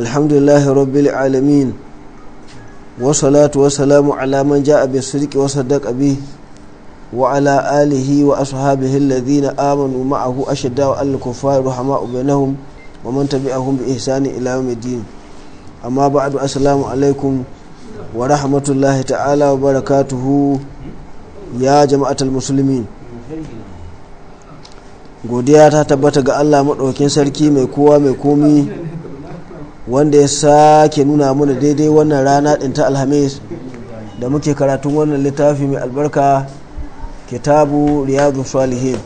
الحمد لله رب العالمين والصلاة والسلام على من جاء بالصدق وصدق به وعلى آله وأصحابه الذين آمنوا معه أشداء الكفار رحماء بينهم ومن تبعهم بإحسان إلى يوم الدين أما بعد السلام عليكم ورحمة الله تعالى وبركاته يا جماعة المسلمين godiya ta tabbata ga allah maɗaukin sarki mai kowa mai komi wanda ya sake nuna mana daidai wannan rana ɗin ta alhamis da muke karatu wannan littafi mai albarka kitabu riyadu salihin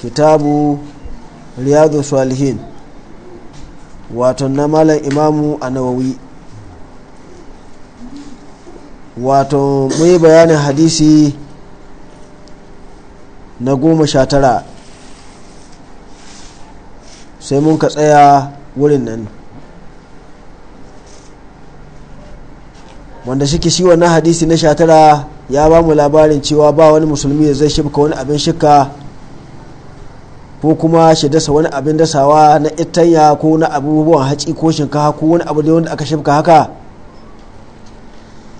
kitabu riyadu salihin wato na malam imamu a nawawi wato mai bayanin hadisi na goma sha tara sai mun ka tsaya wurin nan wanda shike shi wannan hadisi na sha ya ba mu labarin cewa ba wani musulmi da zai shibka wani abin shika ko kuma shi dasa wani abin dasawa na itanya ko na abubuwan haci ko shinkafa ko wani abu da wanda aka shibka haka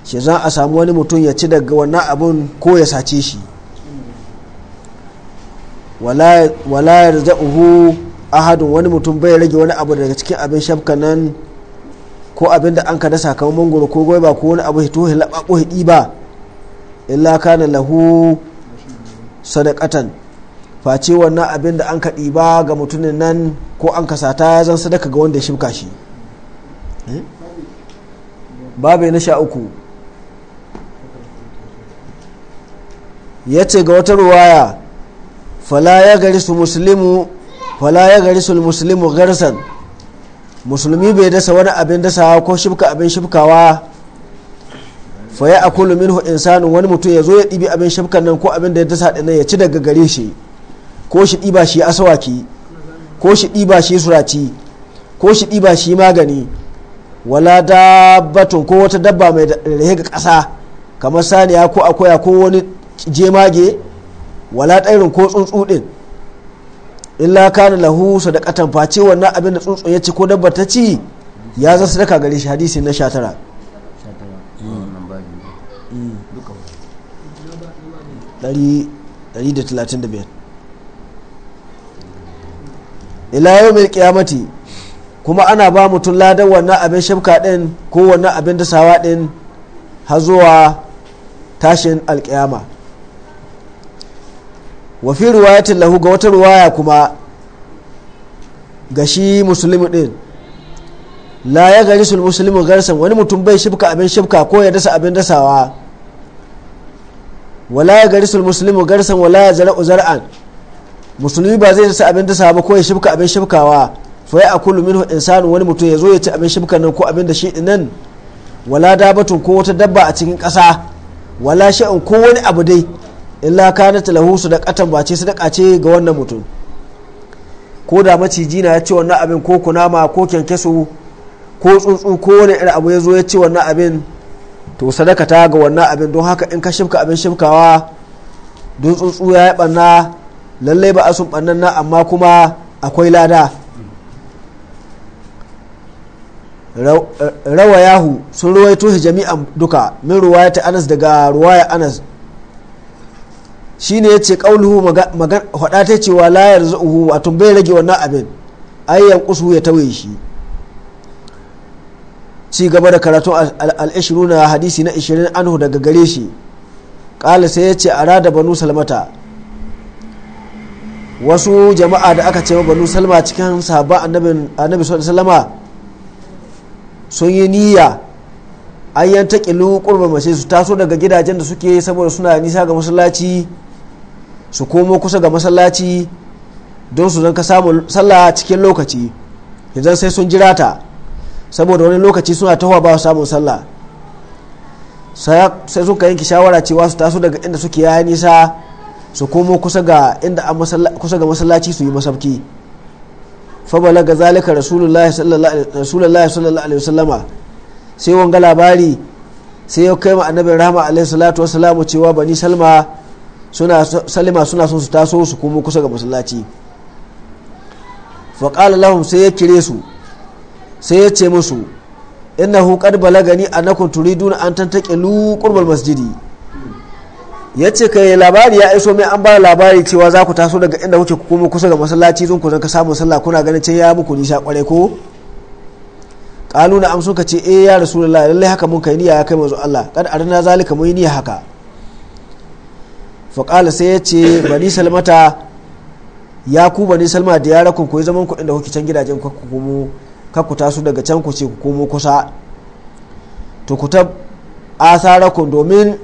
shi za a samu wani mutum ya ci daga wannan abun ko ya sace shi wala yarja'uhu ahadin wani mutum bai rage wani abu daga cikin abin shafka nan ko abin da an ka dasa kamar mangoro ko ba ko wani abu hito hilaba ko ba illa kana lahu sadakatan face wannan abin da an ka ba ga mutumin nan ko an ka sata ya zan sadaka ga wanda ya shimka shi eh? babu na sha uku ya ce ga wata ruwaya fala ya gari su musulmi wala ya gari sul muslimu garsan musulmi bai dasa wani abin dasawa ko shibka abin shibkawa fa ya akulu minhu insanu wani mutum ya zo ya ɗibi abin shibkan nan ko abin da ya dasa ɗin ya ci daga gare shi ko shi ɗiba shi asawaki ko shi ɗiba shi suraci ko shi ɗiba shi magani wala dabbatun ko wata dabba mai rahe ga ƙasa kamar saniya ko akoya ko wani jemage wala ɗairin ko tsuntsu ɗin illa kana lahu sadaqatan ce wannan abin da tsuntsun ya ci ko dabbar ta ci ya zasu sadaka gare shi hadisi na 19 135 ila yau mai kiyamati kuma ana ba mutum ladan wannan abin shafka din ko wannan abin sawa din har zuwa tashin alkiyama wa fi riwayatin lahu ga wata ruwaya kuma ga shi musulmi din la ya gari sul musulmi garsan wani mutum bai shifka abin shifka ko ya dasa abin dasawa wala ya gari sul musulmi garsan wala ya zara'u zar'an musulmi ba zai dasa abin dasawa ba ko ya shifka abin shifkawa fa ya akulu minhu insanu wani mutum ya zo ya ci abin shifkan nan ko abin da shi nan wala dabatun ko wata dabba a cikin kasa wala sha'in ko wani abu dai illa kanat lahu sadaqatan ba ce sadaka ce ga wannan mutum ko da maciji na ya ce wannan abin ko kunama ko kyankyaso ko tsuntsu ko wani irin abu ya zo ya ce wannan abin to sadaka ta ga wannan abin don haka in ka shimka abin shimkawa don tsuntsu ya yi ɓanna lallai ba a sun ɓannan na amma kuma akwai lada rawa yahu sun ruwaito shi jami'an duka min ruwaya ta anas daga ruwaya anas shine yace ce magana hada ta cewa layar yarzuhu a bai rage wannan abin ai yanqusu ya tawaye shi ci gaba da karatun al'ashiru na hadisi na 20 anhu daga gare shi kala sai ya ce a rada banu salmata wasu jama'a da aka ce banu salma cikin sahabba annabi sallama sun yi niyya an yanta ƙilu ƙurba mace su taso daga gidajen da suke saboda suna nisa ga masallaci su komo kusa ga masallaci don su zan ka samu sallah cikin lokaci yanzu sai sun jira ta saboda wani lokaci suna tahowa ba su samun sallah sai suka yanke shawara cewa su taso daga inda suke yaya nisa su komo kusa ga inda kusa ga masallaci su yi masabki fabala ga zalika rasulullahi sallallahu alaihi wasallama sai wanga labari sai ya kai ma annabin rahama alaihi salatu wasalamu cewa bani salma suna salima suna son su taso su kuma kusa ga masallaci faƙala lahum sai ya kire su sai ya ce musu innahu qad balagani annakum turiduna an tantaqilu qurbal masjidi ya yace kai labari ya iso mai an ba labari cewa za ku taso daga inda kuke komo kusa ga masallaci zun ku zanka samun sallah kuna ganin cewa ya muku nisha kwarai ko kalu na ka ce eh ya rasulullahi lallai haka mun kai niyya ya kai manzo Allah kad arna zalika mun yi niyya haka faƙala sai ya ce bani salmata ya ku bani salma da yara ku koyi zaman kuɗin da kuke can gidajen ku komo su daga can ku ce ku kusa to ku ta asarakun domin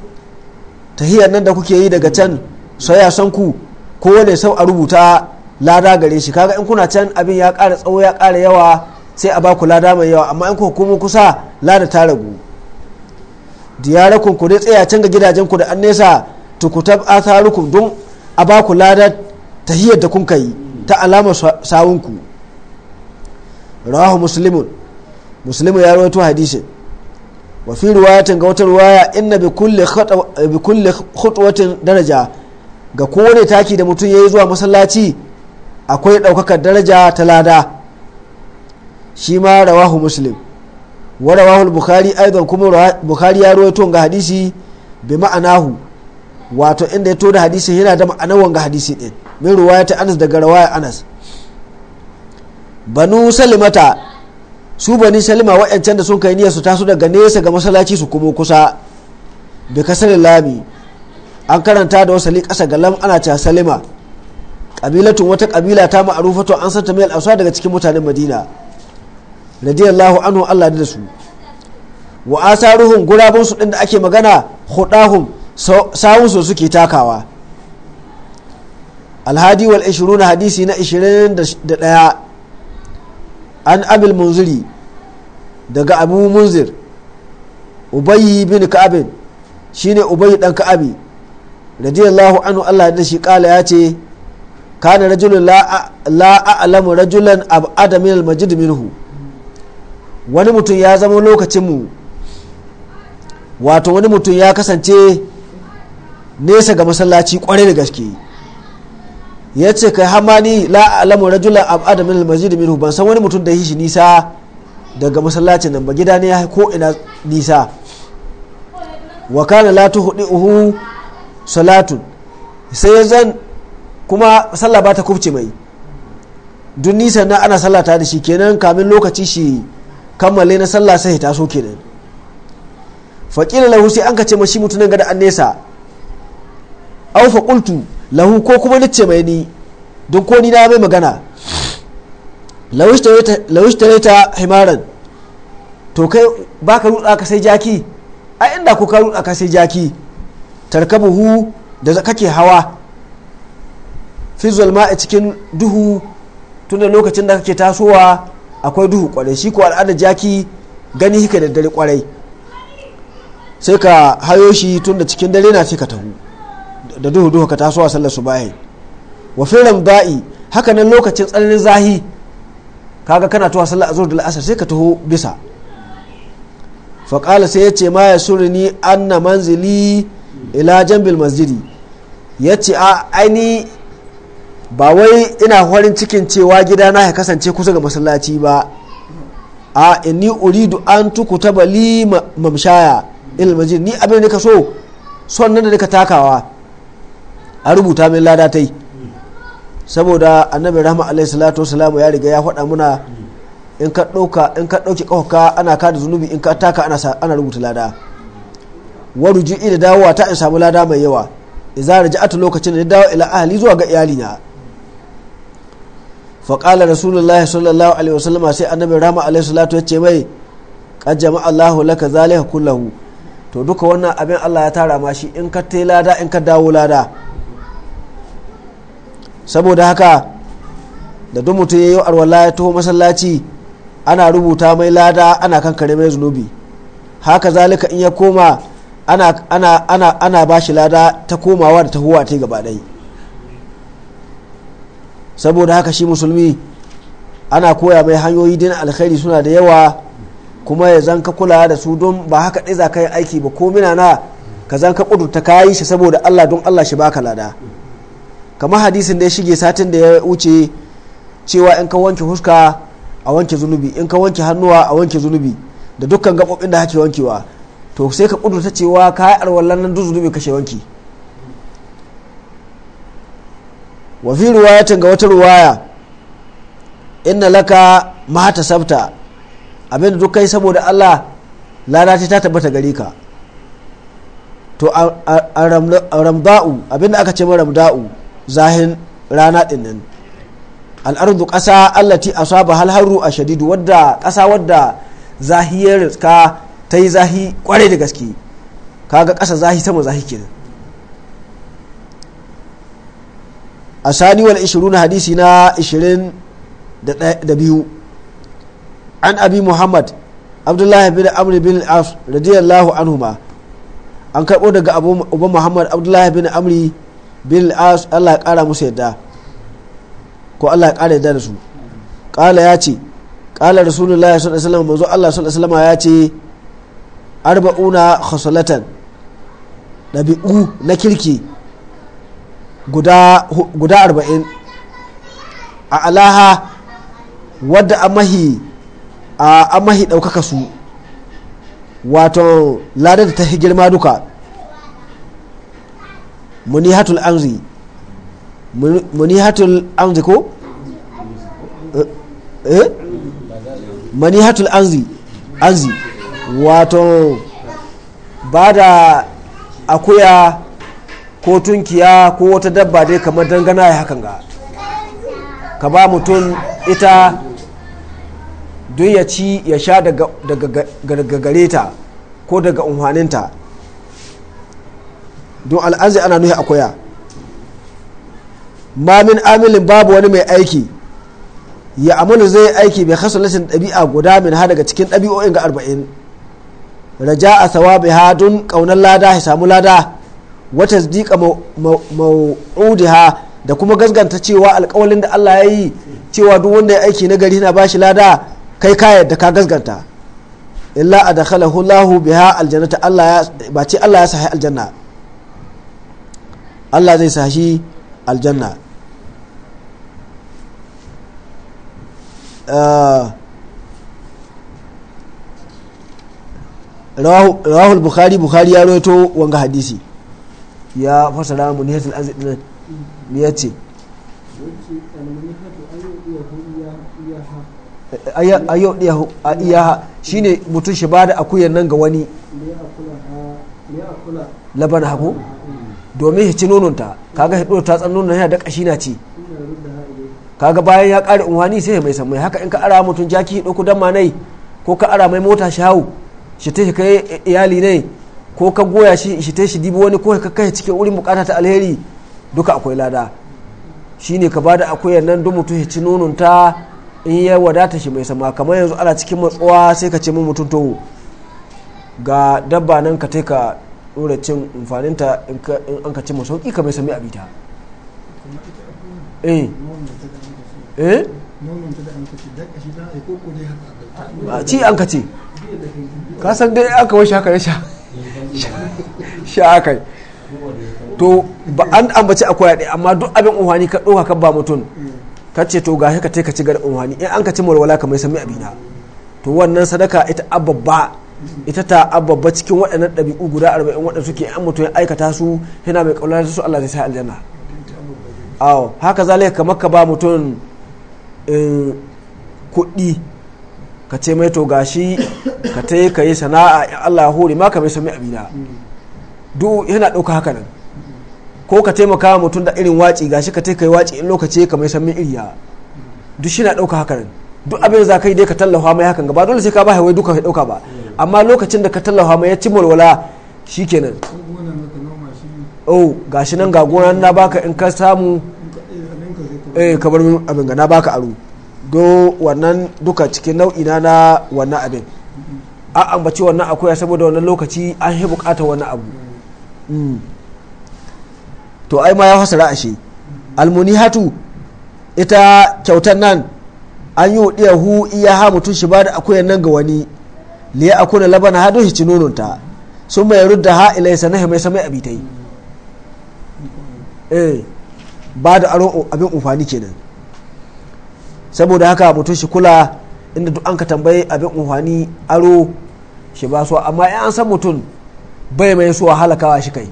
tahiyar nan da kuke yi daga can soya son ku kowane sau a rubuta lada gare shi kaga in kuna can abin ya kara tsawo ya kara yawa sai a baku lada mai yawa amma in ku komo kusa lada ta ragu diyarakun ku dai tsaya can ga gidajen ku da an nesa tukutab atharukum don a ba ku lada tahiyyar da kun kai ta alamar sawunku rahu muslimun muslimu ya rawaito hadisin wa fi ruwayatin ga wata ruwaya inna bi kulli khutwatin daraja ga kowane taki da mutum ya yi zuwa masallaci akwai ɗaukakar daraja ta lada shi ma rawahu muslim wa rawahu bukhari aidan kuma bukhari ya rawaito ga hadisi bi ma'anahu wato inda ya da hadisi yana da ma'anar wanga hadisi din min ruwaya ta anas daga ya anas banu salimata su bani salima wa'yancan da sun kai niyyar su taso daga nesa ga masallaci su kuma kusa bi kasar lami an karanta da wasali kasa ga lam ana ta salima kabilatun wata kabila ta ma'arufatu an san ta mai al'asuwa daga cikin mutanen madina radiyallahu anhu allah da su wa asaruhum gurabun su din da ake magana hudahum sawunsu suke takawa alhadi wal 20 hadisi na 21 an abil munziri daga abu munzir ubayi bin ka'abin shine ubayi dan ka'abi radiyallahu anhu Allah da shi kala ya ce kana rajulun la a'lamu rajulan ab'ada min al-majid minhu wani mutum ya zama lokacin mu wato wani mutum ya kasance nesa ga masallaci kwarai da gaske ya ce kai hamani la alamu rajula abada min almasjid minhu ban san wani mutum da shi nisa daga masallacin nan ba gida ne ya ko ina nisa wa kana la tuhdihu salatun sai zan kuma sallah ba ta kubce mai duk nisa na ana sallata da shi kenan kamin lokaci shi kammale na sallah sai taso kenan faƙila lahu sai an ka mashi mutunan gada an nesa aw fa qultu lahu ko kuma nace mai ni don ko ni na mai magana lawish ta ta himaran to kai baka rutsa ka sai jaki a inda ku ka rutsa ka sai jaki tarkabuhu da kake hawa fi zulma a cikin duhu tun da lokacin da kake tasowa akwai duhu kwarai shi ko al'ada jaki gani hika da dare kwarai sai ka hayo shi tun da cikin dare na ce ka tahu da duhu duhu ka taso a sallar subahi wa fi ramda'i haka nan lokacin tsananin zahi kaga kana tuwa sallar zuwa da asar sai ka taho bisa faƙala sai ya ce ma ya surni anna manzili ila jambil masjidi ya ce a aini ba wai ina farin cikin cewa gidana ya kasance kusa ga masallaci ba a inni uridu an tukuta bali mamshaya ilmajin ni abin da ka so son nan da ka takawa a rubuta min lada ta yi saboda annabi rahama alaihi salatu wasalamu ya riga ya faɗa muna in ka ɗauka in ka ɗauki ana kada zunubi in ka taka ana rubuta lada wa ruju'i da dawowa ta in samu lada mai yawa idza ata lokacin da ya dawo ila ahali zuwa ga iyalina fa qala rasulullahi sallallahu alaihi wasallam sai annabi rahama alaihi salatu ce mai qad jama'a Allahu laka zalika kullahu to duka wannan abin Allah ya tara ma shi in ka tai lada in ka dawo lada saboda haka da duk mutum ya yi arwala ya taho masallaci ana rubuta mai lada ana kankare mai zunubi haka zalika in ya koma ana, ba shi lada ta komawa da tahowa ta gaba ɗai saboda haka shi musulmi ana koya mai hanyoyi din alkhairi suna da yawa kuma ya zanka kula da su don ba haka ɗai za ka yi aiki ba ko mina na ka zanka ƙudurta ka yi shi saboda allah don allah shi baka lada kamar hadisin da ya shige satin da ya wuce cewa in ka wanke huska a wanke zunubi in ka wanke hannuwa a wanke zunubi da dukkan gaɓoɓin da hake wankewa to sai ka kudurta cewa ka yi arwallan nan duk zunubi kashe wanki wa fi ruwayatin ga wata ruwaya inna laka mahata sabta abinda duk kai saboda Allah lada ta tabbata gare ka to a ramda'u abinda aka ce ma ramda'u zahin rana dinnan al'ardu ƙasa allati asaba hal harru a shadidu wadda ƙasa wadda zahiyar ka ta yi zahi kwarai da gaske kaga ƙasa zahi sama zahi kenan a sani wal ishirun hadisi na ishirin da biyu an abi muhammad abdullahi bin amr bin as radiyallahu anhuma an karɓo daga abu muhammad abdullahi bin amri bil as Allah ya kara musu yadda ko Allah ya kara yadda da su kala ya ce kala rasulullah sallallahu alaihi wasallam manzo Allah sallallahu alaihi wasallam ya ce arba'una khasalatan dabi'u na kirki guda guda arba'in a alaha wadda amahi a amahi ɗaukaka su wato ladar ta girma duka munihatul amzi munihatul amzi ko eh, eh? manihatul wato ba da akuya ko tunkiya ko wata dabba dai kamar dangana ya hakan ga ka ba mutum ita don ya ci ya sha daga gare ta ko daga unhaninta don al'azi ana nuhi a koya ma amilin babu wani mai aiki ya amuna zai aiki mai hasalatin ɗabi'a guda min ha daga cikin ɗabi'o'in ga arba'in raja a sawabi ha don ƙaunar lada ya samu lada wata zika ha da kuma gasganta cewa alƙawalin da Allah ya yi cewa duk wanda ya aiki na gari na ba shi lada kai ka da ka gasganta illa a da Allahu biha aljannata Allah ya ba ce Allah ya sahi aljanna Allah zai sa shi aljanna ah. rawahul bukhari bukhari ya roto wanga hadisi ya fasara mu nihatul arziki ne ya ce ayyau shi ne mutum shi ba da akuyar nan ga wani labar haku domin hici nononta kaga hido ta tsan nonon yana da kashi na ci kaga bayan ya kare unwani sai mai san haka in ka ara mutum jaki hido ku dan manai ko ka ara mai mota shawo shi ta kai iyali ne ko ka goya shi shi ta shi dibi wani ko ka kai cikin wurin bukata ta alheri duka akwai lada shine ka bada akwai nan don mutum hici nononta in ya wadata shi mai sama kamar yanzu ana cikin matsuwa sai ka ce mun mutum to ga dabba nan ka taika dora cin amfaninta in an ka cimma sauki kamar sami abita eh eh ci an ka ce ka san dai aka wai shaka ya sha sha kai to ba an ambaci akwai ɗaya amma duk abin unhani ka ɗauka ka ba mutum ka ce to gashi ka ka ci gar unhani in an ka ci walwala kamar sami abina to wannan sadaka ita ba ita ta ababba cikin waɗannan ɗabi'u guda arba'in waɗanda suke an mutum ya aikata su yana mai ƙaunar su Allah zai sa aljanna awo haka zalika kamar ka ba mutum eh, kuɗi ka ce mai to gashi ka ta yi ka yi sana'a in Allah ya hore ma ka mai sami abina duk yana ɗauka haka nan ko ka taimaka mutum da irin waci gashi ka ta yi ka yi waci in lokaci ka mai sami iriya duk shi na ɗauka haka nan duk abin za ka yi dai ka tallafa mai hakan gaba dole sai ka ba wai duka ka dauka ba amma lokacin da ka tallafa mai ya ci walwala shikenan oh gashi nan ga gona na baka in ka samu eh ka bar min abin ga na baka aro do wannan duka cikin nau'i na na wannan abin a ambaci wannan akwai saboda wannan lokaci an yi bukata wannan abu mm. to ai ma ya fasara ashe almunihatu ita kyautan nan an yi wuɗiya hu iya ha mutum shi ba da akwai nan ga wani liya na labana ha doshi cinununta sun mai rudda ha ilaisa na mai samai yi eh ba da aron abin umfani kenan saboda haka mutum shi kula inda duk an ka tambayi abin umfani aro shi ba su amma in an san mutum bai mai so halakawa shi kai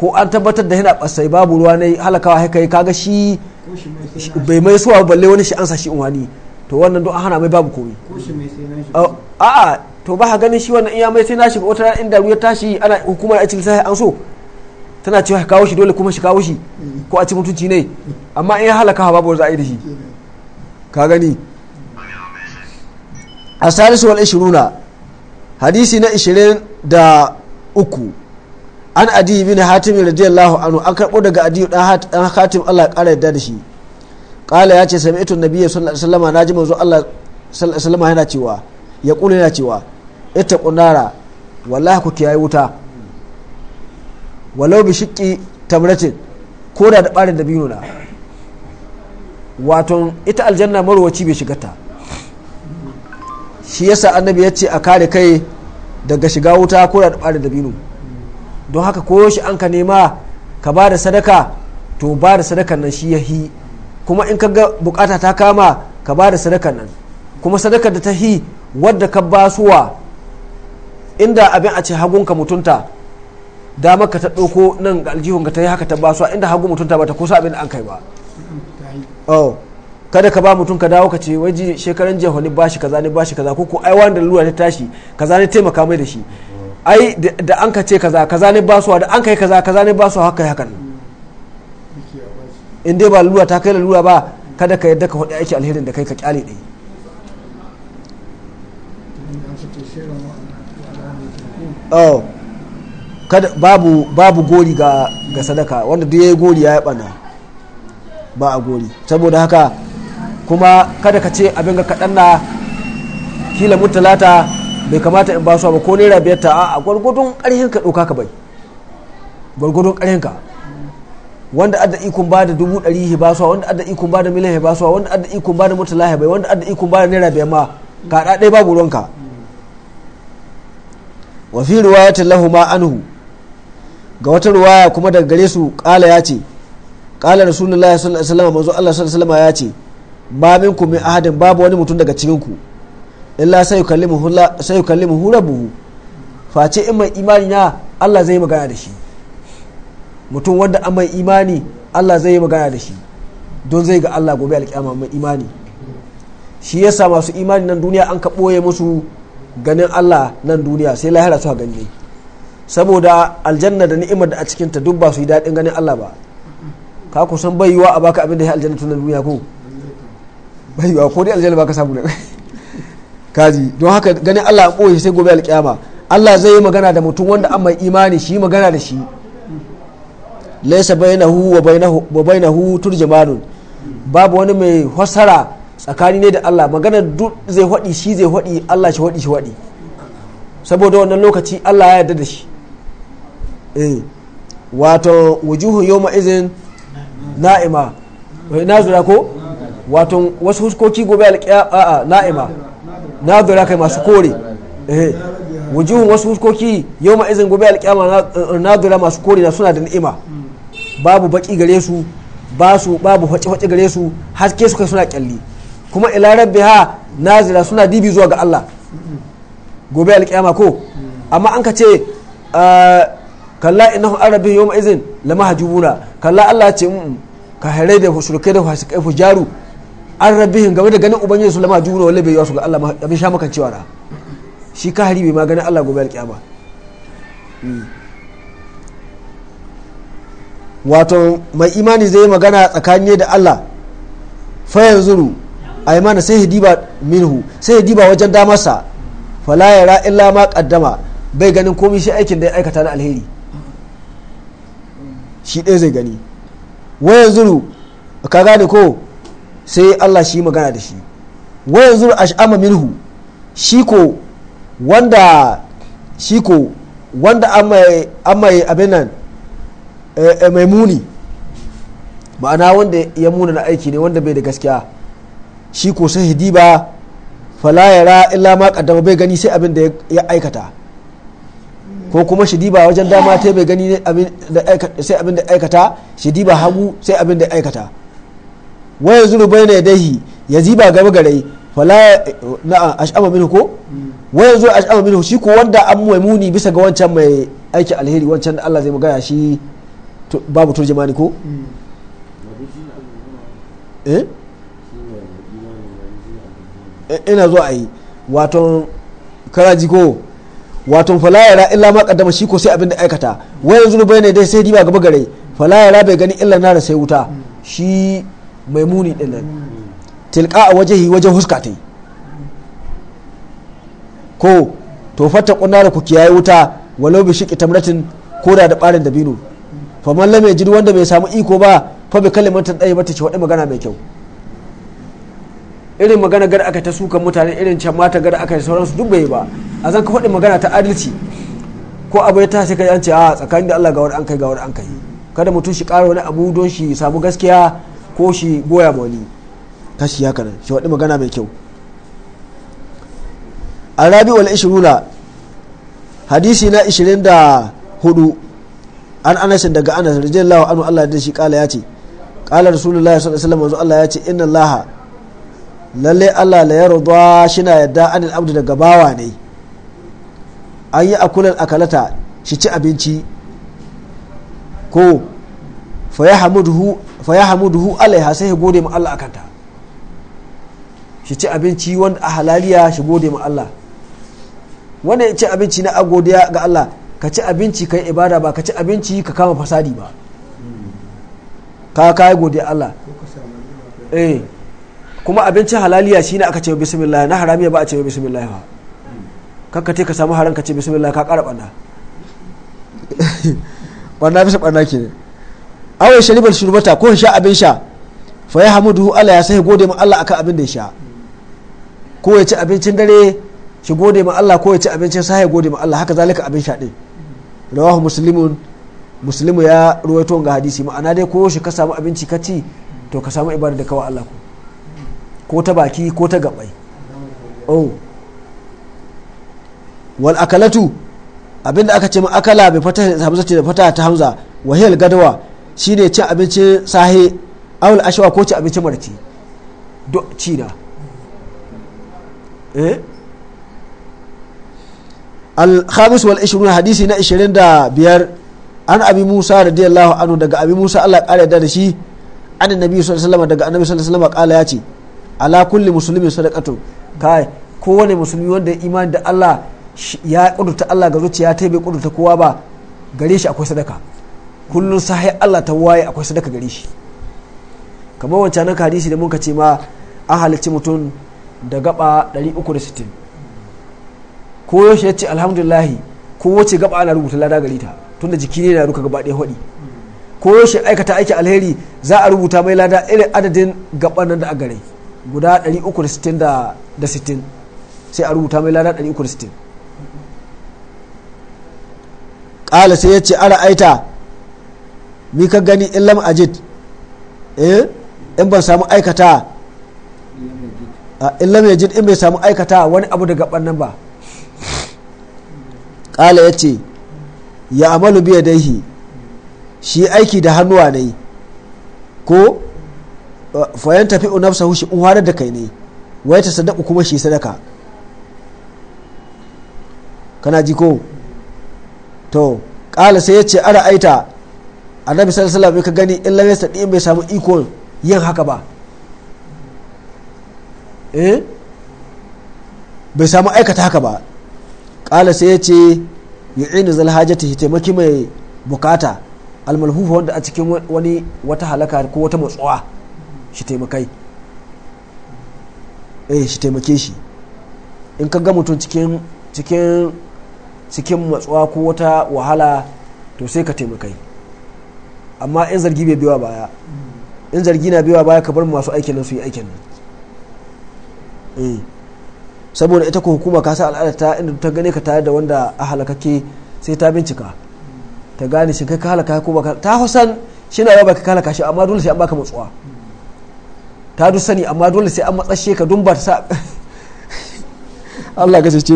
ko an tabbatar da yana basai babu ruwa ne halakawa kai kaga shi bai mai suwa balle wani shi ansa shi umfani to wannan don hana mai babu komi a'a to ba ha ganin shi wannan iya mai sai na shiga wata inda ruwa tashi ana hukumar a cikin sai an so tana cewa kawo shi dole kuma shi kawo shi ko a ci mutunci ne amma in ya halaka babu za a yi da shi ka gani a salisu wal shiruna hadisi na ishirin da uku an adi bin hatim radiyallahu anhu an karɓo daga adi dan hatim Allah ya ƙara yadda da shi kala ya ce sami'tu nabiyyi sallallahu alaihi na naji manzo Allah sallallahu alaihi yana cewa ya kula yana cewa ita kunara wallahi ku kiyaye wuta walau bi shiqqi tamratin ko da barin biyu na wato ita aljanna marwaci bai shiga ta shi yasa annabi ya ce a kare kai daga shiga wuta ko da barin biyu don haka ko shi an ka nema ka ba da sadaka to ba da sadakan nan shi ya hi kuma in ka ga bukata ta kama ka ba da sadakar nan kuma sadakar da ta hi wadda ka basuwa inda abin a ce hagunka mutunta dama ka ta ɗauko nan aljihun ka ta yi haka ta basuwa inda hagu mutunta ba ta kusa abin da an kai ba oh, kada ka ba mutum ka dawo ka ce waje shekaran jiya wani bashi kaza ne bashi kaza ko ko ai wanda lura ta tashi kaza ne taimaka mai da shi ai da an ka ce kaza kaza ne basuwa da an kai kaza kaza ne basuwa haka hakan in dai ba lura ta kai lura ba kada ka yadda ka faɗi aiki alherin da kai ka kyale ɗai oh, kada babu babu gori ga ga sadaka wanda duk yayi gori ya yi bana ba a gori saboda haka kuma kada ka ce abin ga kaɗan na kila mutalata bai kamata in ba su ba ko naira biyar ta a gwargwadon ƙarhin ka ɗauka ka bai gwargwadon ƙarhin ka wanda adda ikon ba da dubu ɗari ya basuwa wanda adda ikon ba da miliyan ya basuwa wanda adda ikon ba da mutala ya bai wanda adda ikon ba da naira biyar ma ka ɗaɗai babu ruwanka wa fi riwayatin lahuma anhu ga wata riwaya kuma daga gare su ƙala ya ce ƙala rasulullahi sallallahu alaihi wasallam manzo Allah sallallahu alaihi ya ce ba ku min ahadin babu wani mutum daga cikin ku illa sai kalli sai yukallimuhu rabbuhu face in mai imani na Allah zai magana da shi mutum wanda an mai imani Allah zai yi magana da shi don zai ga Allah gobe alƙiyama mai imani shi yasa masu imani nan duniya an ka ɓoye musu ganin Allah nan duniya sai lahira su gani saboda aljanna da ni'imar da a cikin ta duk ba su yi daɗin ganin Allah ba ka kusan bai yiwa a baka abin da ya aljanna tun duniya ko bai yiwa ko dai aljanna baka samu kaji don haka ganin Allah an ɓoye sai gobe alƙiyama Allah zai yi magana da mutum wanda an mai imani shi magana da shi laisa bainahu wa bainahu turjumanun babu wani mai hasara tsakani ne da Allah magana duk zai haɗi shi zai haɗi Allah shi haɗi shi haɗi saboda wannan lokaci Allah ya yarda da shi eh wato wujuhu yawma izin na'ima nazura ko wato wasu huskoki gobe alƙiya a na'ima nazura kai masu kore eh wujuhu wasu huskoki yawma izin gobe na eh, nazura masu kore na suna da ni'ima babu baki gare su ba su babu faci-faci gare su haske su kai suna kyalli kuma ila ha nazira suna dibi zuwa ga Allah gobe alkiyama ko amma an ka ce ah, kalla innahum arabi yawma izin lama hajubuna kalla Allah ce ka hare da shirkai da fasikai fujaru arabihin game da ganin ubangiji su lama hajubuna wallahi bai yi wasu ga Allah abin sha makan cewa shi hari bai ma ganin Allah gobe alkiyama hmm. wato mai imani zai yi magana tsakani da Allah fayan zuru a mana sai ya diba minhu sai ya diba wajen damarsa fala ya ra illa ma kaddama bai ganin komai shi aikin da ya aikata na alheri shi ɗaya zai gani wayan zuru ka gane ko sai Allah shi magana da shi wayan zuru sha'ama minhu shi ko wanda shi ko wanda an mai abin nan Eh, eh, mai muni ma'ana wanda ya muna na aiki ne wanda bai da gaskiya shi ko sahidi ba falayara illa ma kaddama bai gani sai abin da ya aikata ko kuma shidi ba wajen dama ta bai gani sai abin da aikata shidi ba hagu sai abin da aikata waya zuru bai na dahi ya ziba gaba gare falaya na ash'ama minhu ko waya zuru ash'ama minhu shi ko wanda an muni bisa ga wancan mai aiki alheri wancan da Allah zai magana shi babu ni ko eh? Eh, ina zuwa a yi waton karaji ko waton falayara illa ma kaddama shi ko sai abin da aikata wayan zunubai ne dai sai diba gaba gare falayara bai gani illa nara sai wuta shi mai muni din tilka a wajehi wajen huska ta ko to fatta kunna da ku kiyaye wuta walau bi shi tamratin koda da barin dabino fa man lam yajid wanda bai samu iko ba fa bi kalimatin daya bata ce wadai magana mai kyau irin magana gar aka ta sukan mutane irin can mata gar aka sauransu duk bai ba a zan ka faɗi magana ta adalci ko abu ya tashi kai an ce a ah, tsakanin da Allah ga wani an kai ga wani an kai kada mutum shi ƙara wani abu don shi samu gaskiya ko shi goya ma wani kashi ya kana shi waɗi magana mai kyau arabi wal ishiruna hadisi na ishirin da hudu an anas daga anas radiyallahu anhu Allah da shi kala ya ce kala rasulullahi sallallahu alaihi wasallam Allah ya ce inna Allah lalle Allah la yarda shina yadda anil abdu daga bawa ne an yi akulan akalata shi ci abinci ko fa ya hamuduhu alaiha sai ya gode ma Allah akanta shi ci abinci wanda a halaliya shi gode ma Allah wanda ya ci abinci na agodiya ga Allah ka ci abinci kai ibada ba ka ci abinci ka kama fasadi ba ka kai gode Allah eh kuma abinci halaliya shine aka ce bismillah na haramiya ba a ce bismillah ba kakka te ka samu haram ka ce bismillah ka kara banda banda bisa banda ke ne awai sharibar shurbata ko sha abin sha fa ya hamudu Allah ya sai gode ma Allah akan abin da ya sha ko ya ci abincin dare shi gode ma Allah ko ya ci abincin sa ya gode ma Allah haka zalika abin sha din rawahu muslimun muslimu ya ruwaito ga hadisi ma'ana dai ko shi ka samu abinci ka ci to ka samu ibada da kawai Allah ko ta baki ko ta gabai oh wal akalatu abinda aka ce ma akala bai fata hamza ce da fata ta hamza wahiyal gadawa shine cin abincin sahi awul ashawa ko cin abincin marci do ci na eh al-khamis wal 20 hadisi na 25 an abi musa radiyallahu anhu daga abi musa Allah ya kare da shi an nabi sallallahu alaihi daga annabi sallallahu alaihi wasallam kala yace ala kulli muslimin sadaqatu kai kowane musulmi wanda ya imani da Allah ya kudurta Allah ga zuciya ta bai kudurta kowa ba gare shi akwai sadaka kullum sahai Allah ta waye akwai sadaka gare shi kamar wancan hadisi da ka ce ma an halicci mutum da gaba 360 ko yaushe ya ce alhamdulillahi ko wace gaba ana rubuta lada gari ta tunda jiki ne na ruka gaba ɗaya hudi ko yaushe aikata aiki alheri za a rubuta mai lada irin adadin gaban nan da a gare guda 360 sai a rubuta mai lada 360 ƙala sai ya ce ara aita mi ka gani in lam ajid eh in ban samu aikata in lam ajid in bai samu aikata wani abu da gaban nan ba ƙala ya ce ya amalu biya dahi shi aiki da hannuwa ne ko fayan tafi unafsa hushi uwa da kai ne wai ta sadaka kuma shi sadaka kana ji ko to ƙala sai ya ce ara aita annabi sallallahu alaihi wasallam ka gani in ya sadi bai samu iko yin haka ba eh bai samu aikata haka ba ƙala sai ya ce yu'inu zal hajati taimaki mai bukata almalhufu wanda a cikin wani wata halaka ko wata matsuwa shi taimakai eh shi taimake shi in ka ga mutum cikin cikin cikin matsuwa ko wata wahala to sai ka taimakai amma in zargi bai biwa baya in zargi na biwa baya ka bar masu aikin nan su yi aikin nan eh. saboda ita ko hukuma ka sa al'ada ta inda ta gane ka tare da wanda a halakake sai ta bincika ta gane shi kai ka halaka ko baka ta husan shi na yau ka halaka shi amma dole sai an baka matsuwa ta du sani amma dole sai an matsashe ka dun ba ta sa Allah gace ce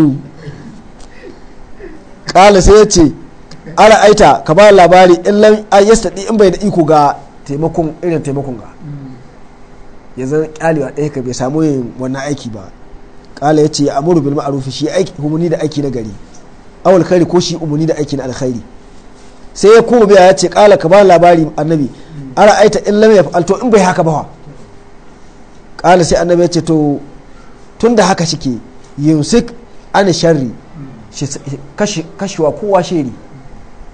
kala sai ya ce ala aita ka ba labari in lam yastadi in bai da iko ga taimakon irin taimakon ga hmm. yanzu kyalewa ɗaya ka bai samu yin wannan aiki ba kala yace ya amuru bil ma'ruf shi aiki umuni da aiki na gari awal khairi ko shi umuni da aiki na alkhairi sai ya koma biya ce kala ka ba labari annabi ara aita in lam yaf'al to in bai haka ba kala sai annabi ya ce to tunda haka shike yusik an sharri kashiwa kowa sheri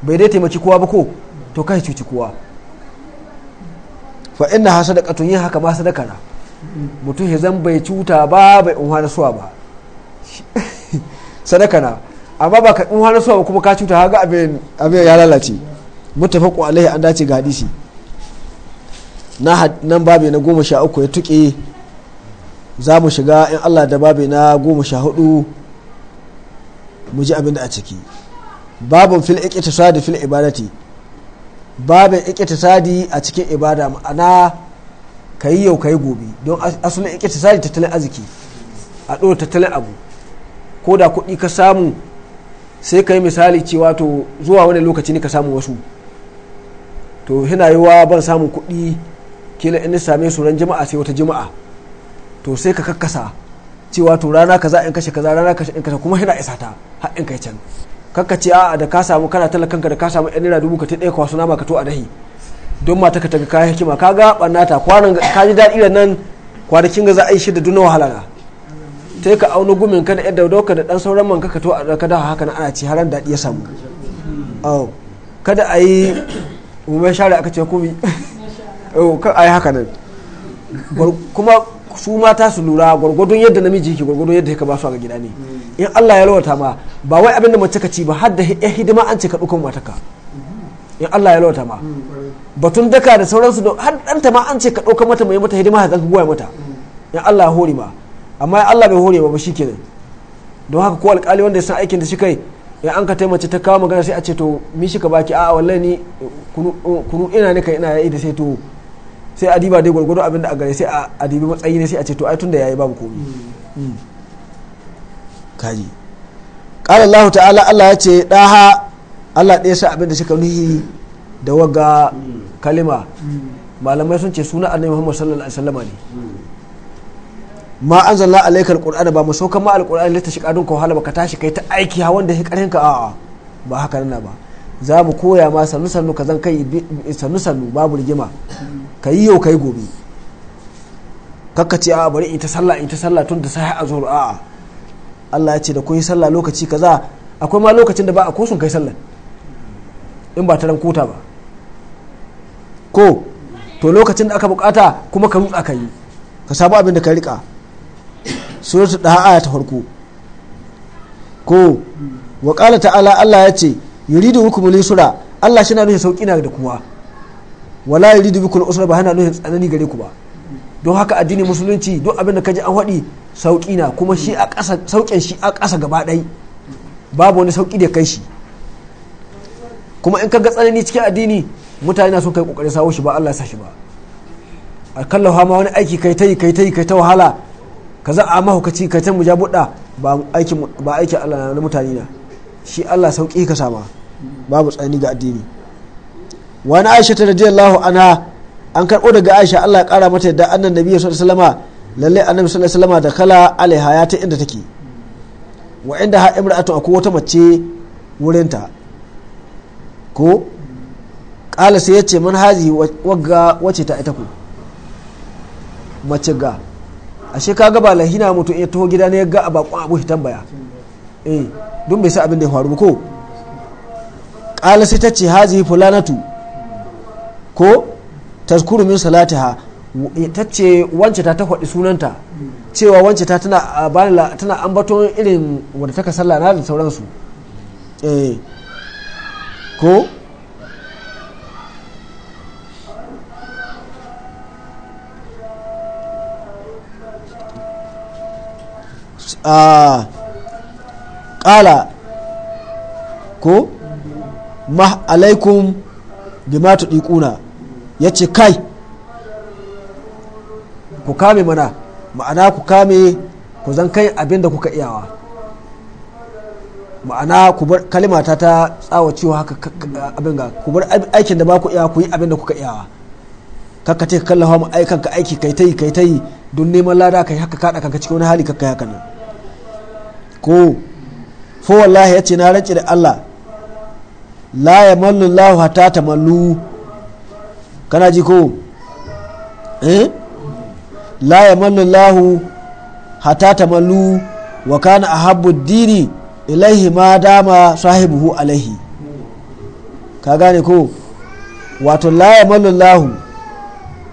bai dai taimaki kowa ba ko to kai cuci kowa fa inna katon yin haka ba sadaka na mutum ya zan bai cuta ba bai hana suwa ba sadaka na amma ba ka hana suwa ba kuma ka cuta haka abin ya lalace mutafaqu alaihi an dace ga hadisi na nan babi na goma sha uku ya tuƙe za mu shiga in allah da babi na goma sha hudu mu ji abin da a ciki babin fil sadi fil ibadati babin sadi a cikin ibada ma'ana ka yi yau ka yi gobe don asalin ake tsari tattalin arziki a ɗora tattalin abu ko da kuɗi ka samu sai ka yi misali cewa to zuwa wani lokaci ne ka samu wasu to yi wa ban samun kuɗi kila in same su ran jima'a sai wata jima'a to sai ka kakkasa cewa to rana kaza in kashe kaza rana kashe in kashe kuma hina isa ta har in kai can kakka ce a'a da ka samu kana talakanka da ka samu yan naira dubu ka ta ɗaya kwasu nama ka to a dahi don mata ka tafi kayan hikima kaga ta kwanan ka ji daɗi da nan kwanakin ga za a yi shi da duna wahala na. ta ka auna gumin ka da yadda dauka da ɗan sauran man ka to a ka da haka ana ci har daɗi ya samu kada a yi umar share aka ce kumi a yi haka nan kuma su mata su lura gwargwadon yadda namiji yake gwargwadon yadda ka ba su a gida ne in Allah ya ta ma ba wai abin da mace ka ci ba har da hidima an ce ka ɗaukan mataka in Allah ya lauta ma mm, batun daka da sauransu da har ɗanta ma an ce ka ɗauka mata mai mata hidima ka goya mata mm. in Allah ya hore ma amma in Allah bai hore ba shi kenan don haka ko alƙali wanda ya san aikin da shi kai in an ka taimace ta kawo magana sai a ce to mi shi ka baki a'a wallahi ni kunu ina ne kai ina yayi da sai to sai a diba dai gwargwado abin da a gare sai a adibi matsayi ne sai a ce to ai tun da yayi babu komi mm. kaji qala Allah ta'ala Allah ya ce daha Allah ɗaya sa abin da suka nuhi da waga kalima malamai sun ce suna annabi Muhammad sallallahu alaihi wasallama ne ma anzalna alayka alqur'ana ba mu saukan ma alqur'ani lita shiga kadun ko wahala ka tashi kai ta aiki ha wanda shi karhin ka a'a ba haka nan ba za mu koya ma sannu sannu ka zan kai sannu sannu babu rigima ka yi yau kai gobe kakka ce a'a bari in ta sallah in ta sallah tun da sai a zuhur a'a Allah ya ce da kun yi sallah lokaci kaza akwai ma lokacin da ba a ko sun kai sallah in ba ta rankuta ba ko to lokacin da aka bukata kuma ka rutsa ka yi ka samu abin da ka rika suratul da aya ta farko ko wa qala ta'ala Allah ya ce yuridu hukum li sura Allah shi na nuna sauki na da kuwa wala yuridu bikul usra ba hana nuna tsanani gare ku ba don haka addini musulunci duk abin da ji an faɗi sauki na kuma shi a ƙasa sauƙin shi a ƙasa gaba babu wani sauki da kai shi kuma in kaga ga tsanani cikin addini mutane na son kai kokarin sawo shi ba Allah ya sa shi ba a kallawa ma wani aiki kai ta yi kai ta yi kai ta wahala ka za a ci kai ta mujabuɗa ba aikin ba aikin Allah na mutane na shi Allah sauki ka sama babu tsanani ga addini wani Aisha ta radiyallahu anha an karɓo daga Aisha Allah ya ƙara mata yadda annan Nabi sallallahu alaihi wasallam lalle annabi sallallahu alaihi wasallam da kala alaiha ya ta inda take wa inda ha imra'atu akwai wata mace wurinta ko ƙala sai ya ce man hazi wagga wace ta ita ku mace ga ashe ka ga ba lahina mutum ya taho gida ne ya ga a bakon abu shi tambaya eh don bai sa abin da ya faru ko ƙala sai ta ce haji fulanatu ko tazkuru min ha eh, ta ce wance ta ta faɗi sunanta cewa wance ta tana ambaton irin wadda ta ka sallah na da sauransu eh ko ƙala ah. ko ma alaikum bima tuɗiƙuna ya ce kai ku kame mana ma'ana ku kame ku zan kai abin da kuka iyawa ma'ana kalima ta ta cewa haka abin ga ku bar aikin da ba ku iya ku yi abin da kuka iya kakka ce ka kallafa mu aikan ka aiki kai ta yi kai ta yi don neman lada kai haka kaɗa kanka cikin wani hali kakka haka nan ko fa wallahi yace na rance da Allah la mallu Allah hatta mallu kana ji ko eh la mallu Allah hatta mallu wa kana ahabbu dini ilaihi ma dama sahibuhu alaihi ka gane ko wato la yamallahu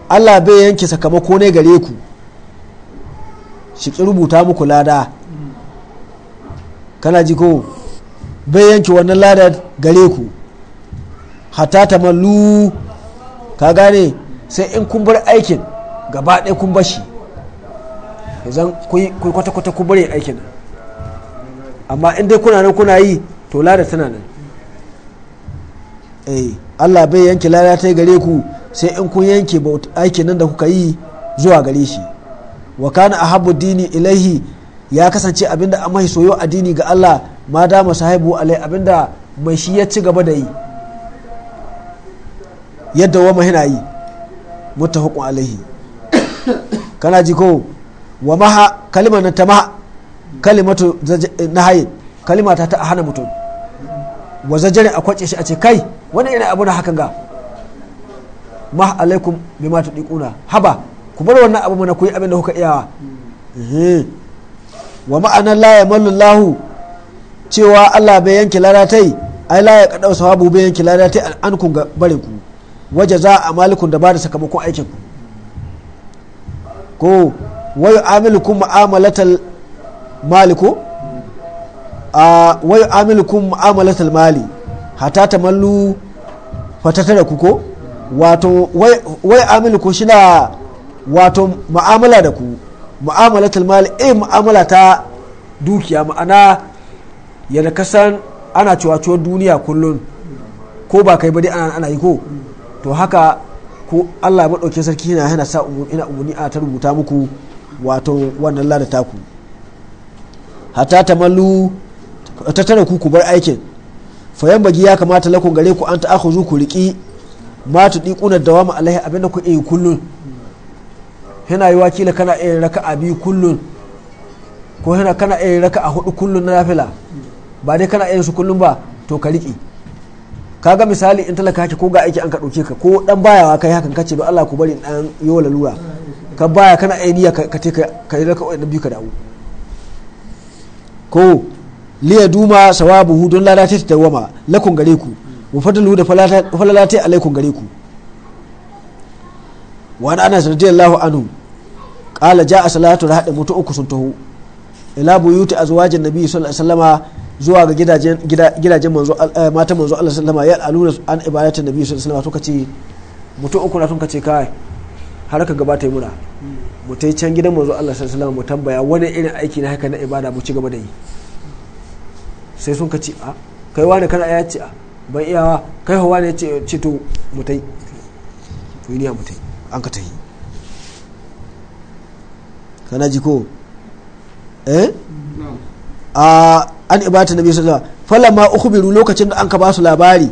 Allah bai yanke sakamako ne gare ku shi ki rubuta muku lada kana ji ko bai yanke wannan ladar gare ku hatta ta mallu ka gane sai in kun bar aikin gaba ɗaya kun bashi zan kwata-kwata kun bari aikin amma in dai kuna nan kuna yi to lada tana nan eh Allah bai yanke lada ta gare ku sai in kun yanke aikin nan da kuka yi zuwa gare shi wa kana ahabbu dini ilaihi ya kasance abinda an mai soyo addini ga Allah ma da masahibu alai abinda mai shi ya ci gaba da yi yadda wa mahina yi muttafaqun alaihi kana ji ko wa maha kalimar ta maha kalimatu eh, nahayin kalima ta ta hana mutum wa zajjare a kwace shi a ce kai wani irin abu na hakan ga ma alaikum bima tudiquna haba ku bar wannan abu mana ku yi abin da kuka iyawa eh. wa ma'anar la yamallu cewa Allah bai yanke laratai ai la ya kada sawabu bai yanke laratai an kun ga bare ku waje za a malikun da ba da sakamakon aikin ku ko wa yu'amilukum mu'amalatal maliku a wai amilukum mu'amalatul mali hata mallu fatata da kuko wato wai shi shina wato mu'amala da ku mu'amalatul mali eh mu'amala ta dukiya ma'ana yadda kasan ana cewa duniya kullum ko ba kai ba dai ana yi ko to haka ko Allah ya maɗauke sarki yana yana sa ina umuni a ta rubuta muku wato wannan lada ku. ta tamallu ta tara ku bar aikin fayan bagi ya kamata lakon gare ku an ta akhuzu ku riki ma tu diquna dawama alaihi abinda ku yi kullun yana yi wakila kana iya raka a biyu kullun ko yana kana iya raka a hudu kullun na nafila ba dai kana iya su kullun ba to ka riki kaga misali in talaka haki ko ga aiki an ka dauke ka ko dan bayawa kai hakan kace don Allah ku bari dan yola lura ka baya kana iya niyya ka ka yi raka biyu ka dawo ko liya duma hu don lalata ta dawama lakun gare ku wa fadlu da falala ta alaikum gare ku wa anas radiyallahu anhu qala jaa salatu rahad mutu uku sun taho ila buyuti azwajin nabi sallallahu alaihi wasallama zuwa ga gidajen gidajen manzo eh, mata manzo Allah sallama ya aluna an ibadatin nabi sallallahu alaihi wasallama to ce mutu uku na sun kace kai har ka gabata yi muna mu ta can gidan manzo Allah sallallahu alaihi mu tambaya wani irin aiki na haka na ibada mu ci gaba da yi sai sun ka a kai wani kana ya ce a ban iyawa kai hawa ne ce ce to mu ta yi to ni mu ta yi an ka ta yi kana ji ko eh a an ibata nabi sallallahu alaihi wasallam falamma ukhbiru lokacin da an ka ba su labari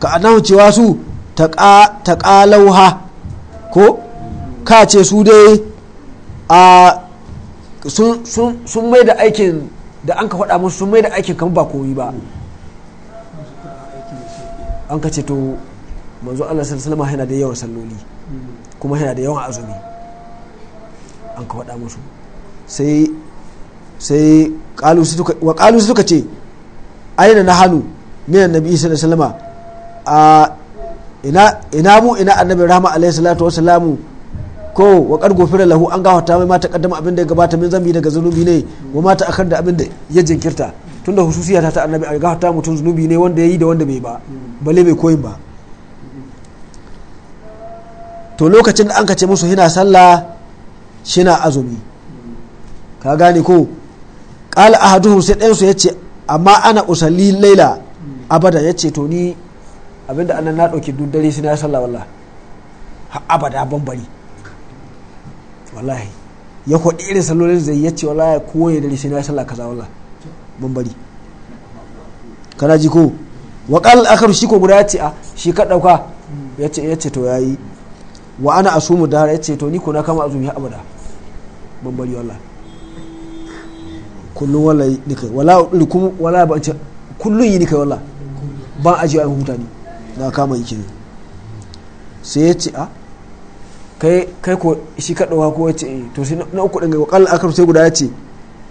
ka annahu cewa su taqalauha ko ka ce su dai a sun mai da aikin da an ka faɗa musu sun mai da aikin kamar ba komi ba an ka ce to manzo Allah sallallahu alaihi yana da yawan salloli kuma yana da yawan azumi an ka faɗa musu sai sai wa kalu suka ce aina na hannu minan na biyu alaihi salama a ina mu ina annabi rahama alaihi salatu salamu ko wa kar gofira lahu an gafarta mai mata kaddama abin da ya gabata min zambi daga zunubi ne wa mata akar da abin da ya jinkirta tunda hususiya ta annabi a gafarta mutum zunubi ne wanda ya yi da wanda bai ba bale bai koyin ba to lokacin da an kace musu hina sallah shina azumi ka gane ko qala ahaduhum sai ɗayansu ya ce amma ana usalli laila abada ya ce to ni abinda annan na ɗauki duk dare sai na sallah wallah abada ban wallahi ya kwaɗi irin sallolin zai ya ce wallahi ko ya dare sai na sallah kaza wallahi ban bari kana ji ko wa qal akhar shi ko guda ce a ah, shi ka dauka yace yace to yayi wa ana asumu dahar yace to ni ko na kama azumi abada ban bari wallahi kullun wallahi nikai wala ulkum wala ba ce kullun yi nikai wallahi ban ajiya huta hutani na kama yake sai yace a ah, kai kai ko shi ka dawa ko yace eh to sai na uku din ga kal akar sai guda yace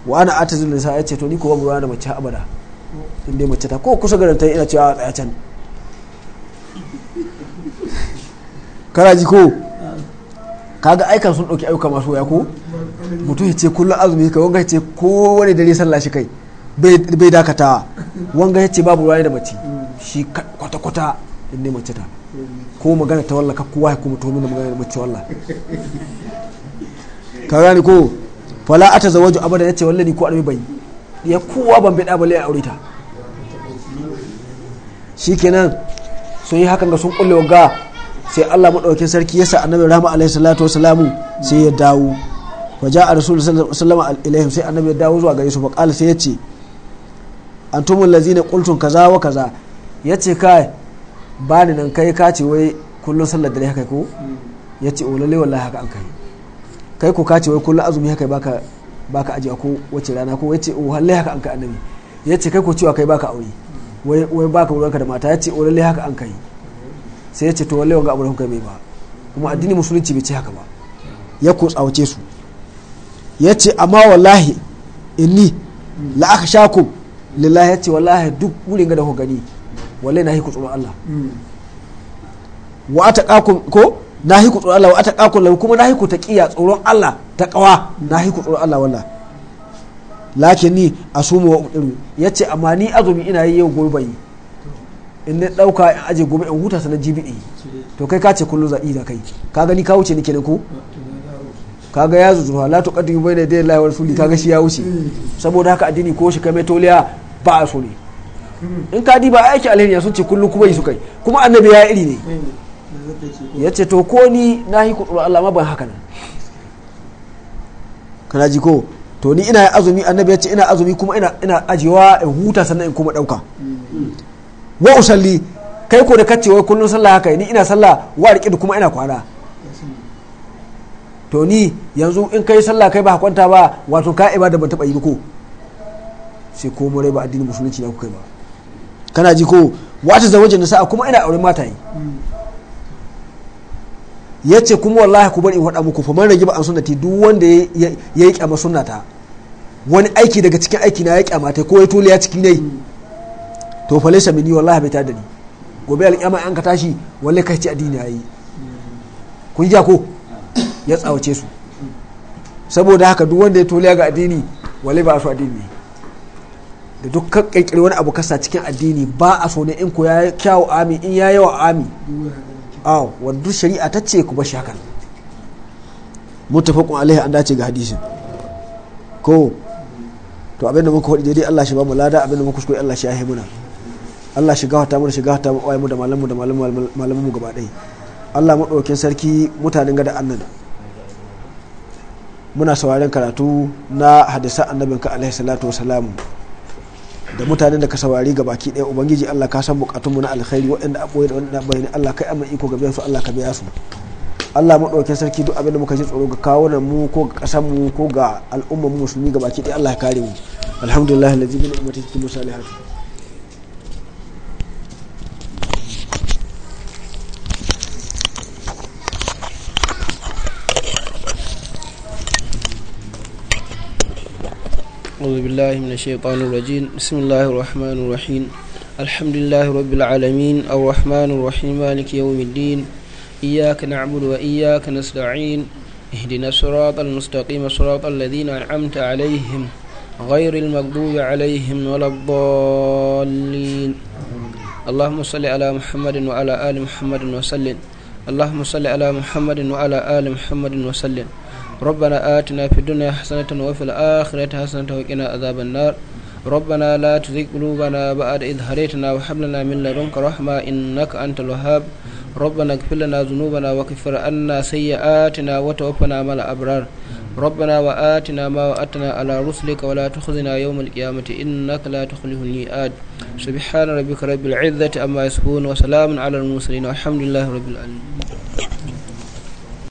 wa ana atazil nisa yace to ni ko babu ruwa da mace abada in dai mace ta ko kusa garanta ina cewa tsaya can kana ji ko kaga aikan sun dauki ayyuka masu waya ko mutum yace ce kullum azumi kai wanga yace ko wani dare sallah shi kai bai dakatawa wanga yace babu ruwa da mace shi kwata-kwata in dai mace ta ko magana ta wallaka ka kowa ya kuma tomin da magana da mace walla ka gani ko fala ata zawaju abada yace walla ni ko armi bai ya kowa ban bida bale a aure ta shikenan sun yi hakan ga sun kulle wagga sai Allah madaukakin sarki ya sa annabi rahma alaihi salatu wasalamu sai ya dawo fa ja'a rasul sallallahu alaihi wasallam sai annabi ya dawo zuwa gare su fa qala sai yace antumul ladzina qultum kaza wa kaza yace kai ba ni nan kai ka ce wai kullum sallar dare haka ko ya ce olalle oh, wallahi haka an kai kai ko ka ce wai kullum azumi haka baka baka ajiya ko wace rana ko ya ce o oh, halle haka an kai annabi ya ce kai ko cewa kai baka aure wai wai baka ka da mata ya ce olalle oh, haka an kai sai ya ce to wallahi wanga abu da kuka mai ba kuma addini musulunci bai ce haka ba ya ko tsawace su ya ce amma wallahi inni la aka shakum lillahi ya ce wallahi duk wurin ga da ku gani wallahi na hiku tsoron Allah wa ataqakum ko na hiku tsoron Allah wa ataqakum lau kuma na hiku ƙiya tsoron Allah ta ƙawa na hiku tsoron Allah wallah lakin ni sumu wa ya ce amma ni azumi ina yi yau gobe yi in na ɗauka in aje gobe in huta sanan jibi to kai ka ce kullum zaɓi da kai ka gani ka wuce ni kenan ko kaga ya zuzuwa la tuqaddimu bayna da Allahi wa rasuli kaga shi ya wuce saboda haka addini ko shi kame toliya ba a so ne in ka diba aiki alheri sun ce kullum kuma yi su kai kuma annabi ya iri ne ya ce to ko ni na yi kuɗin Allah ma ban haka nan kana ji ko to ni ina azumi annabi ya ce ina azumi kuma ina ina ajewa in huta sannan in kuma ɗauka wa usalli kai ko da kace wai kullum sallah haka ni ina sallah wa riƙe kuma ina kwana to ni yanzu in kai sallah kai ba kwanta ba wato ka ibada ban taɓa yi ko sai ko murai ba addinin musulunci ya ku kai ba kana ji ko wata zawajin nisa kuma ina auren yi ya ce kuma wallahi ku bari in faɗa muku faman rage ba an sunnati duk wanda ya yi kyama sunnata wani aiki daga cikin aiki na ya kyama ta ko ya tole ya ciki nai to fa laysa minni wallahi bai tada ni gobe alƙyama an ka tashi wallahi ka ci addini yayi kun ja ko ya tsawace su saboda haka duk wanda ya tole ga addini wallahi ba su addini da duk ka wani abu kasa cikin addini ba a so ne in ku ya kyawu ami in ya yawa ami awo wadda shari'a ta ce ku ba shakar mutafakun alaihi an dace ga hadisin ko to abinda muka hudu daidai Allah shi ba mu lada abinda muka kuskure Allah shi ya muna Allah shi gafarta mu da shi gafarta mu mu da malamu da malamu mu gaba ɗaya Allah madaukakin sarki mutanen gada annan muna sauraren karatu na hadisa annabinka alaihi salatu wasalamu da mutanen da ka saurari ga baki ɗaya ubangiji Allah ka san bukatunmu na alkhairi waɗanda a ɓoye da waɗanda ne Allah kai amma iko ga biyan su Allah ka biya su Allah maɗaukin sarki duk abin da muka ji tsoro ga kawunan mu ko ga ƙasar mu ko ga al'ummar musulmi ga baki ɗaya Allah ya kare mu alhamdulillah lazi bin ummati musalihatu أعوذ بالله من الشيطان الرجيم بسم الله الرحمن الرحيم الحمد لله رب العالمين الرحمن الرحيم مالك يوم الدين إياك نعبد وإياك نستعين اهدنا الصراط المستقيم صراط الذين أنعمت عليهم غير المغضوب عليهم ولا الضالين اللهم صل على محمد وعلى آل محمد وسلم اللهم صل على محمد وعلى آل محمد وسلم ربنا آتنا في الدنيا حسنة وفي الآخرة حسنة وقنا عذاب النار ربنا لا تزغ قلوبنا بعد إذ هديتنا وهب لنا من لدنك رحمة إنك أنت الوهاب ربنا اغفر لنا ذنوبنا وكفر عنا سيئاتنا وتوفنا مع الأبرار ربنا وآتنا ما وأتنا على رسلك ولا تخزنا يوم القيامة إنك لا تخلف الميعاد سبحان ربك رب العزة أما يصفون وسلام على المرسلين والحمد لله رب العالمين